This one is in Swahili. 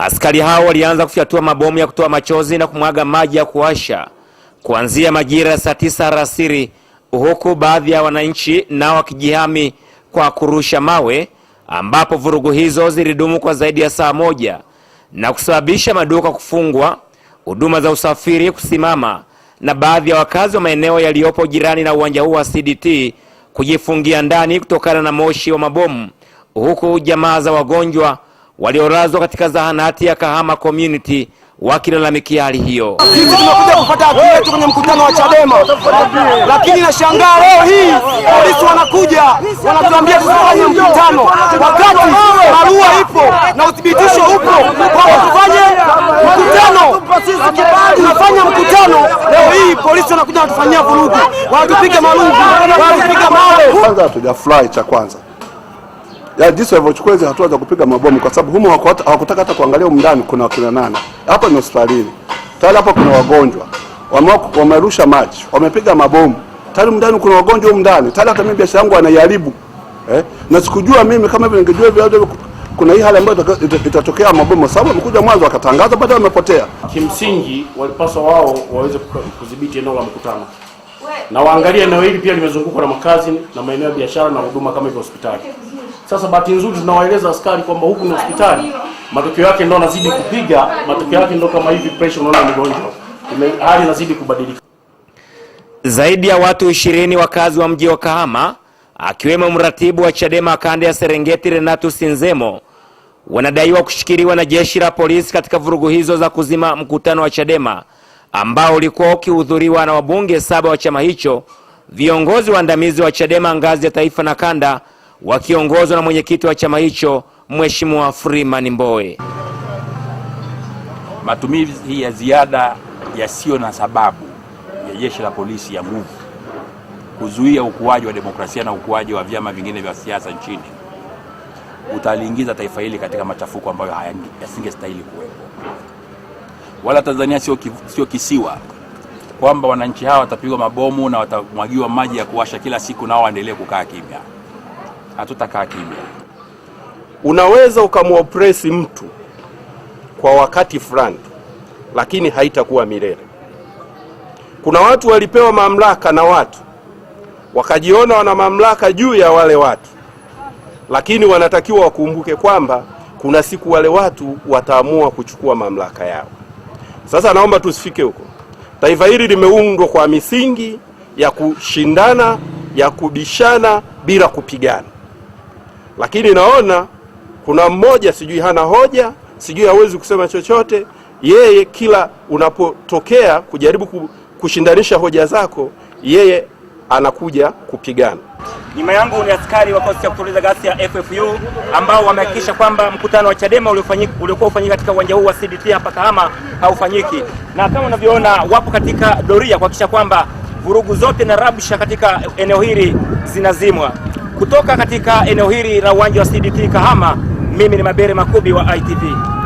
Askari hao walianza kufyatua mabomu ya kutoa machozi na kumwaga maji ya kuwasha kuanzia majira ya saa tisa alasiri, huku baadhi ya wananchi nao wakijihami kwa kurusha mawe, ambapo vurugu hizo zilidumu kwa zaidi ya saa moja na kusababisha maduka kufungwa, huduma za usafiri kusimama na baadhi ya wakazi wa maeneo yaliyopo jirani na uwanja huu wa CDT kujifungia ndani kutokana na moshi wa mabomu, huku jamaa za wagonjwa waliolazwa katika zahanati ya Kahama Community wakilalamikia hali hiyo. Sisi tumekuja kupata haki yetu kwenye mkutano wa Chadema, lakini nashangaa leo hii polisi wanakuja wanatuambia tusifanye mkutano, wakati barua ipo na uthibitisho upo kwamba tufanye mkutano. Tunafanya mkutano, leo hii polisi wanakuja wanatufanyia vurugu, wanatupiga marungu, wanatupiga mawe. Kwanza hatujafurahi, cha kwanza ya jinsi walivyochukua hizo hatua za kupiga mabomu, kwa sababu humo hawakutaka hata kuangalia umndani kuna wakina nani. Hapa ni hospitalini tayari, hapa kuna wagonjwa, wamerusha maji, wamepiga mabomu tayari, mndani kuna wagonjwa huko ndani tayari, hata mimi biashara yangu anaiharibu eh? na sikujua mimi kama hivyo, ningejua vile kuna hii hali ambayo itatokea mabomu, sababu wamekuja mwanzo wakatangaza, baadaye wamepotea. Kimsingi walipaswa wao waweze kudhibiti eneo la mkutano na waangalie eneo hili pia limezungukwa na makazi na maeneo ya biashara na huduma kama hivyo hospitali. Sasa bahati nzuri tunawaeleza askari kwamba huku ni hospitali, matokeo yake ndo anazidi kupiga, matokeo yake ndo kama hivi, pressure unaona mgonjwa, hali inazidi kubadilika. Zaidi ya watu ishirini wakazi wa mji wa Kahama akiwemo mratibu wa Chadema kanda ya Serengeti Renato sinzemo wanadaiwa kushikiliwa na jeshi la polisi katika vurugu hizo za kuzima mkutano wa Chadema ambao ulikuwa ukihudhuriwa na wabunge saba wa chama hicho, viongozi waandamizi wa Chadema ngazi ya taifa na kanda wakiongozwa na mwenyekiti wa chama hicho Mheshimiwa Freeman Mbowe. Matumizi ya ziada yasiyo na sababu ya jeshi la polisi ya nguvu kuzuia ukuaji wa demokrasia na ukuaji wa vyama vingine vya siasa nchini utaliingiza taifa hili katika machafuko ambayo yasingestahili kuwepo. Wala Tanzania sio sio kisiwa kwamba wananchi hawa watapigwa mabomu na watamwagiwa maji ya kuwasha kila siku, nao waendelee kukaa kimya hatutakaa kimya. Unaweza ukamwopresi mtu kwa wakati fulani, lakini haitakuwa milele. Kuna watu walipewa mamlaka na watu wakajiona wana mamlaka juu ya wale watu, lakini wanatakiwa wakumbuke kwamba kuna siku wale watu wataamua kuchukua mamlaka yao. Sasa naomba tusifike huko. Taifa hili limeundwa kwa misingi ya kushindana, ya kubishana bila kupigana. Lakini naona kuna mmoja sijui hana hoja, sijui hawezi kusema chochote. Yeye kila unapotokea kujaribu kushindanisha hoja zako, yeye anakuja kupigana. Nyuma yangu ni askari wa kosi ya kutuliza gasi ya FFU ambao wamehakikisha kwamba mkutano wa Chadema uliokuwa ufanyika katika uwanja huu wa CDT hapa Kahama haufanyiki, na kama unavyoona wapo katika doria kuhakikisha kwamba vurugu zote na rabsha katika eneo hili zinazimwa. Kutoka katika eneo hili la uwanja wa CDT Kahama, mimi ni Mabere Makubi wa ITV.